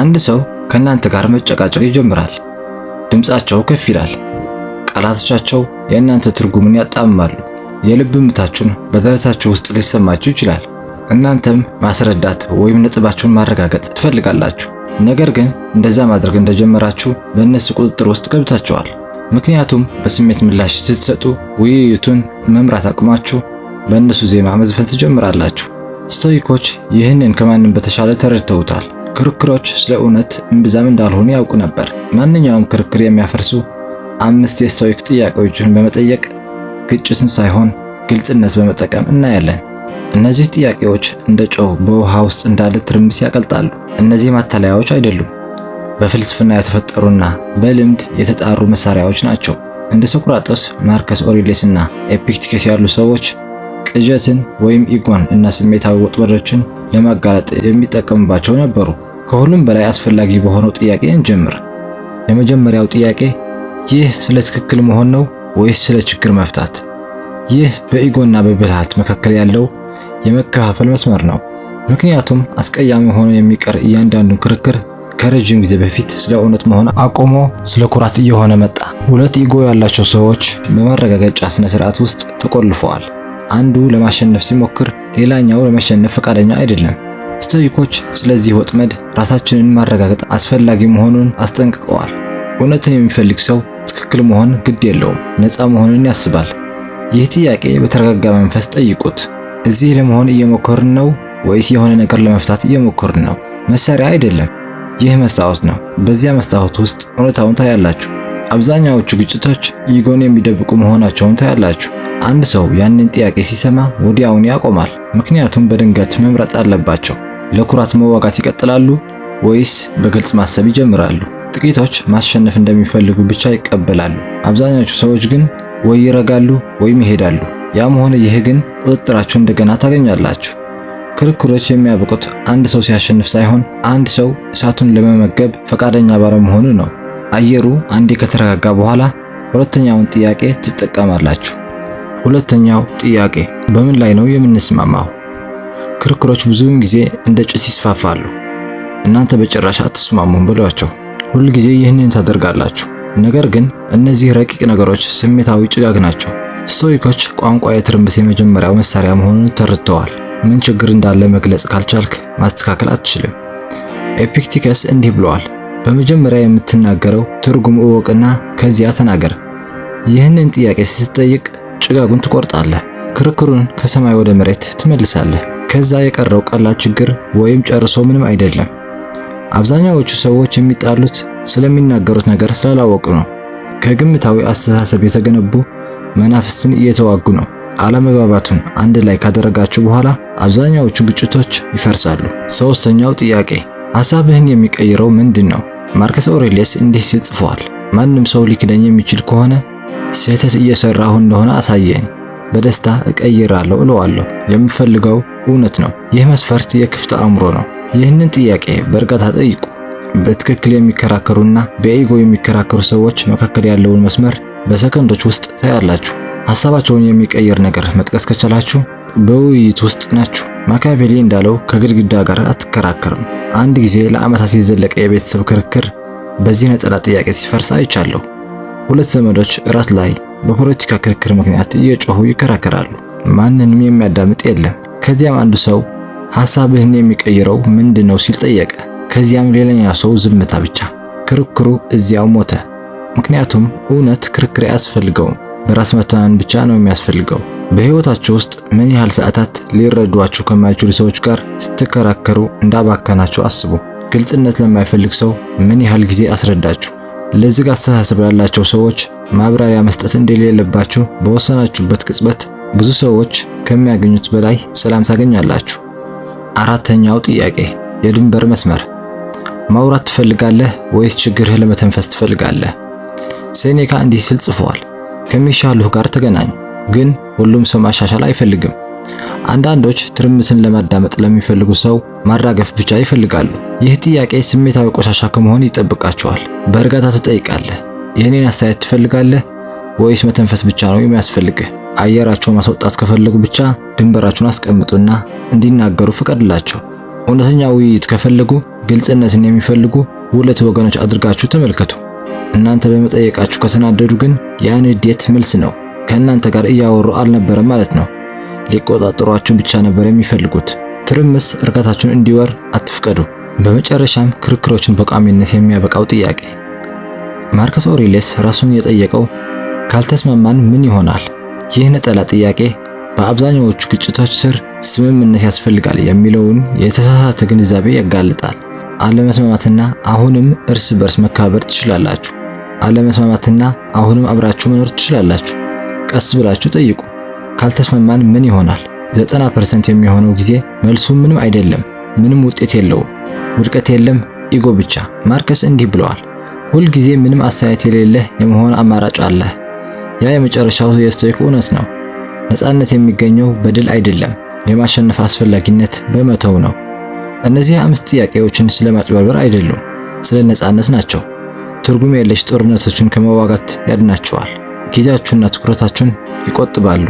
አንድ ሰው ከእናንተ ጋር መጨቃጨቅ ይጀምራል። ድምፃቸው ከፍ ይላል። ቃላቶቻቸው የእናንተ ትርጉምን ያጣምማሉ። የልብ ምታችሁን በደረታችሁ ውስጥ ሊሰማችሁ ይችላል። እናንተም ማስረዳት ወይም ነጥባችሁን ማረጋገጥ ትፈልጋላችሁ። ነገር ግን እንደዛ ማድረግ እንደጀመራችሁ በእነሱ ቁጥጥር ውስጥ ገብታችኋል። ምክንያቱም በስሜት ምላሽ ስትሰጡ ውይይቱን መምራት አቅማችሁ በእነሱ ዜማ መዝፈን ትጀምራላችሁ። ስቶይኮች ይህንን ከማንም በተሻለ ተረድተውታል። ክርክሮች ስለ እውነት እምብዛም እንዳልሆኑ ያውቁ ነበር። ማንኛውም ክርክር የሚያፈርሱ አምስት የስቶይክ ጥያቄዎችን በመጠየቅ ግጭትን ሳይሆን ግልጽነት በመጠቀም እናያለን። እነዚህ ጥያቄዎች እንደ ጨው በውሃ ውስጥ እንዳለ ትርምስ ያቀልጣሉ። እነዚህ ማታለያዎች አይደሉም፣ በፍልስፍና የተፈጠሩና በልምድ የተጣሩ መሳሪያዎች ናቸው። እንደ ሶክራጦስ፣ ማርከስ ኦሪሌስ እና ኤፒክቲከስ ያሉ ሰዎች ቅዠትን ወይም ኢጎን እና ስሜታዊ ወጥመዶችን ለማጋለጥ የሚጠቀሙባቸው ነበሩ። ከሁሉም በላይ አስፈላጊ በሆነው ጥያቄ እንጀምር። የመጀመሪያው ጥያቄ ይህ ስለ ትክክል መሆን ነው ወይስ ስለ ችግር መፍታት? ይህ በኢጎና በብልሃት መካከል ያለው የመከፋፈል መስመር ነው። ምክንያቱም አስቀያሚ ሆኖ የሚቀር እያንዳንዱን ክርክር ከረጅም ጊዜ በፊት ስለ እውነት መሆን አቆሞ ስለ ኩራት እየሆነ መጣ። ሁለት ኢጎ ያላቸው ሰዎች በማረጋገጫ ስነ ስርዓት ውስጥ ተቆልፈዋል። አንዱ ለማሸነፍ ሲሞክር፣ ሌላኛው ለመሸነፍ ፈቃደኛ አይደለም። ስቶይኮች ስለዚህ ወጥመድ ራሳችንን ማረጋገጥ አስፈላጊ መሆኑን አስጠንቅቀዋል። እውነትን የሚፈልግ ሰው ትክክል መሆን ግድ የለውም፣ ነፃ መሆንን ያስባል። ይህ ጥያቄ በተረጋጋ መንፈስ ጠይቁት። እዚህ ለመሆን እየሞከርን ነው ወይስ የሆነ ነገር ለመፍታት እየሞከርን ነው? መሳሪያ አይደለም። ይህ መስታወት ነው። በዚያ መስታወት ውስጥ እውነታውን ታያላችሁ። አብዛኛዎቹ ግጭቶች ኢጎን የሚደብቁ መሆናቸውን ታያላችሁ። አንድ ሰው ያንን ጥያቄ ሲሰማ ወዲያውን ያቆማል፣ ምክንያቱም በድንገት መምረጥ አለባቸው። ለኩራት መዋጋት ይቀጥላሉ ወይስ በግልጽ ማሰብ ይጀምራሉ? ጥቂቶች ማሸነፍ እንደሚፈልጉ ብቻ ይቀበላሉ። አብዛኞቹ ሰዎች ግን ወይ ይረጋሉ ወይም ይሄዳሉ። ያም ሆነ ይህ ግን ቁጥጥራችሁ እንደገና ታገኛላችሁ። ክርክሮች የሚያበቁት አንድ ሰው ሲያሸንፍ ሳይሆን አንድ ሰው እሳቱን ለመመገብ ፈቃደኛ ባለመሆኑ ነው። አየሩ አንዴ ከተረጋጋ በኋላ ሁለተኛውን ጥያቄ ትጠቀማላችሁ። ሁለተኛው ጥያቄ በምን ላይ ነው የምንስማማው? ክርክሮች ብዙውን ጊዜ እንደ ጭስ ይስፋፋሉ። እናንተ በጭራሽ አትስማሙም ብሏቸው ሁል ጊዜ ይህንን ታደርጋላችሁ። ነገር ግን እነዚህ ረቂቅ ነገሮች ስሜታዊ ጭጋግ ናቸው። ስቶይኮች ቋንቋ የትርምስ የመጀመሪያው መሳሪያ መሆኑን ተረድተዋል። ምን ችግር እንዳለ መግለጽ ካልቻልክ ማስተካከል አትችልም። ኤፒክቲከስ እንዲህ ብለዋል፣ በመጀመሪያ የምትናገረው ትርጉም እወቅና ከዚያ ተናገር። ይህንን ጥያቄ ስትጠይቅ ጭጋጉን ትቆርጣለህ፣ ክርክሩን ከሰማይ ወደ መሬት ትመልሳለህ። ከዛ የቀረው ቀላል ችግር ወይም ጨርሶ ምንም አይደለም። አብዛኛዎቹ ሰዎች የሚጣሉት ስለሚናገሩት ነገር ስላላወቁ ነው። ከግምታዊ አስተሳሰብ የተገነቡ መናፍስትን እየተዋጉ ነው። አለመግባባቱን አንድ ላይ ካደረጋችሁ በኋላ አብዛኛዎቹ ግጭቶች ይፈርሳሉ። ሶስተኛው ጥያቄ ሐሳብህን የሚቀይረው ምንድን ነው? ማርከስ ኦሬሊየስ እንዲህ ሲል ጽፏል። ማንም ሰው ሊክደኝ የሚችል ከሆነ ስህተት እየሰራሁ እንደሆነ አሳየኝ፣ በደስታ እቀይራለሁ እለዋለሁ። የምፈልገው እውነት ነው። ይህ መስፈርት የክፍት አእምሮ ነው። ይህንን ጥያቄ በእርጋታ ጠይቁ። በትክክል የሚከራከሩና በኢጎ የሚከራከሩ ሰዎች መካከል ያለውን መስመር በሰከንዶች ውስጥ ታያላችሁ። ሐሳባቸውን የሚቀይር ነገር መጥቀስ ከቻላችሁ በውይይት ውስጥ ናችሁ። ማኪያቬሊ እንዳለው ከግድግዳ ጋር አትከራከርም። አንድ ጊዜ ለዓመታት የዘለቀ የቤተሰብ ክርክር በዚህ ነጠላ ጥያቄ ሲፈርስ አይቻለሁ። ሁለት ዘመዶች እራት ላይ በፖለቲካ ክርክር ምክንያት እየጮሁ ይከራከራሉ። ማንንም የሚያዳምጥ የለም። ከዚያም አንድ ሰው ሐሳብህን የሚቀይረው ምንድን ነው ሲል ጠየቀ። ከዚያም ሌላኛው ሰው ዝምታ ብቻ። ክርክሩ እዚያው ሞተ። ምክንያቱም እውነት ክርክር አያስፈልገውም። በራስ መተማመን ብቻ ነው የሚያስፈልገው። በህይወታቸው ውስጥ ምን ያህል ሰዓታት ሊረዷቸው ከማይችሉ ሰዎች ጋር ስትከራከሩ እንዳባከናቸው አስቡ። ግልጽነት ለማይፈልግ ሰው ምን ያህል ጊዜ አስረዳችሁ? ለዝግ አስተሳሰብ ላላቸው ሰዎች ማብራሪያ መስጠት እንደሌለባችሁ በወሰናችሁበት ቅጽበት ብዙ ሰዎች ከሚያገኙት በላይ ሰላም ታገኛላችሁ። አራተኛው ጥያቄ የድንበር መስመር ማውራት ትፈልጋለህ ወይስ ችግርህ ለመተንፈስ ትፈልጋለህ? ሴኔካ እንዲህ ሲል ጽፏል። ከሚሻሉህ ጋር ተገናኝ፣ ግን ሁሉም ሰው ማሻሻል አይፈልግም። አንዳንዶች ትርምስን ለማዳመጥ ለሚፈልጉ ሰው ማራገፍ ብቻ ይፈልጋሉ። ይህ ጥያቄ ስሜታዊ ቆሻሻ ከመሆን ይጠብቃቸዋል። በእርጋታ ትጠይቃለህ፣ የእኔን አስተያየት ትፈልጋለህ ወይስ መተንፈስ ብቻ ነው የሚያስፈልግህ? አየራቸው ማስወጣት ከፈለጉ ብቻ ድንበራችሁን አስቀምጡና እንዲናገሩ ፍቀድላቸው። እውነተኛ ውይይት ከፈለጉ ግልጽነትን የሚፈልጉ ሁለት ወገኖች አድርጋችሁ ተመልከቱ። እናንተ በመጠየቃችሁ ከተናደዱ ግን ያን ንዴት መልስ ነው። ከእናንተ ጋር እያወሩ አልነበረም ማለት ነው። ሊቆጣጠሯችሁ ብቻ ነበር የሚፈልጉት። ትርምስ እርጋታችሁን እንዲወር አትፍቀዱ። በመጨረሻም ክርክሮችን በቋሚነት የሚያበቃው ጥያቄ ማርከስ ኦሪሌስ ራሱን የጠየቀው ካልተስማማን ምን ይሆናል? ይህ ነጠላ ጥያቄ በአብዛኛዎቹ ግጭቶች ስር ስምምነት ያስፈልጋል የሚለውን የተሳሳተ ግንዛቤ ያጋልጣል። አለመስማማትና አሁንም እርስ በርስ መከባበር ትችላላችሁ። አለመስማማትና አሁንም አብራችሁ መኖር ትችላላችሁ። ቀስ ብላችሁ ጠይቁ። ካልተስማማን ምን ይሆናል? 90% የሚሆነው ጊዜ መልሱ ምንም አይደለም፣ ምንም ውጤት የለውም፣ ውድቀት የለም፣ ኢጎ ብቻ። ማርከስ እንዲህ ብለዋል፣ ጊዜ ምንም አስተያየት የሌለህ የመሆን አማራጭ አለህ። ያ የመጨረሻው የስቶይክ እውነት ነው። ነፃነት የሚገኘው በድል አይደለም፣ የማሸነፍ አስፈላጊነት በመተው ነው። እነዚህ አምስት ጥያቄዎችን ስለ ማጭበርበር አይደሉም፣ ስለ ነፃነት ናቸው። ትርጉም የለሽ ጦርነቶችን ከመዋጋት ያድናቸዋል፣ ጊዜያችሁና ትኩረታችሁን ይቆጥባሉ።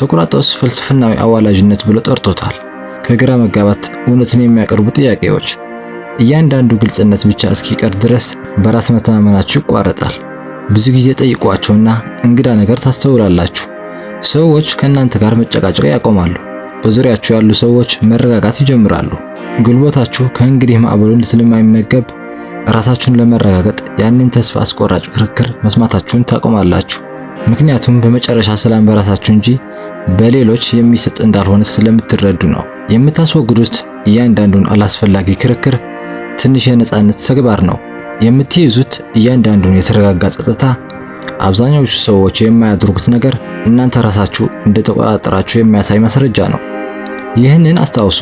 ሶቅራጦስ ፍልስፍናዊ አዋላጅነት ብሎ ጠርቶታል። ከግራ መጋባት እውነትን የሚያቀርቡ ጥያቄዎች እያንዳንዱ ግልጽነት ብቻ እስኪቀር ድረስ በራስ መተማመናችሁ ይቋረጣል። ብዙ ጊዜ ጠይቋቸውና እንግዳ ነገር ታስተውላላችሁ። ሰዎች ከእናንተ ጋር መጨቃጨቅ ያቆማሉ። በዙሪያችሁ ያሉ ሰዎች መረጋጋት ይጀምራሉ። ጉልበታችሁ ከእንግዲህ ማዕበሉን ስለማይመገብ ራሳችሁን ለመረጋገጥ ያንን ተስፋ አስቆራጭ ክርክር መስማታችሁን ታቆማላችሁ። ምክንያቱም በመጨረሻ ሰላም በራሳችሁ እንጂ በሌሎች የሚሰጥ እንዳልሆነ ስለምትረዱ ነው። የምታስወግዱት እያንዳንዱን አላስፈላጊ ክርክር ትንሽ የነፃነት ተግባር ነው። የምትይዙት እያንዳንዱን የተረጋጋ ጸጥታ፣ አብዛኛዎቹ ሰዎች የማያደርጉት ነገር እናንተ ራሳችሁ እንደተቆጣጠራችሁ የሚያሳይ ማስረጃ ነው። ይህንን አስታውሱ።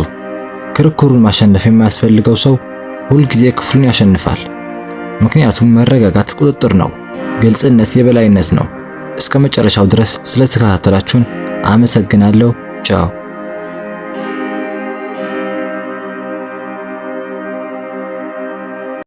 ክርክሩን ማሸነፍ የማያስፈልገው ሰው ሁልጊዜ ክፍሉን ያሸንፋል። ምክንያቱም መረጋጋት ቁጥጥር ነው፣ ግልጽነት የበላይነት ነው። እስከ መጨረሻው ድረስ ስለተከታተላችሁን አመሰግናለሁ። ጫው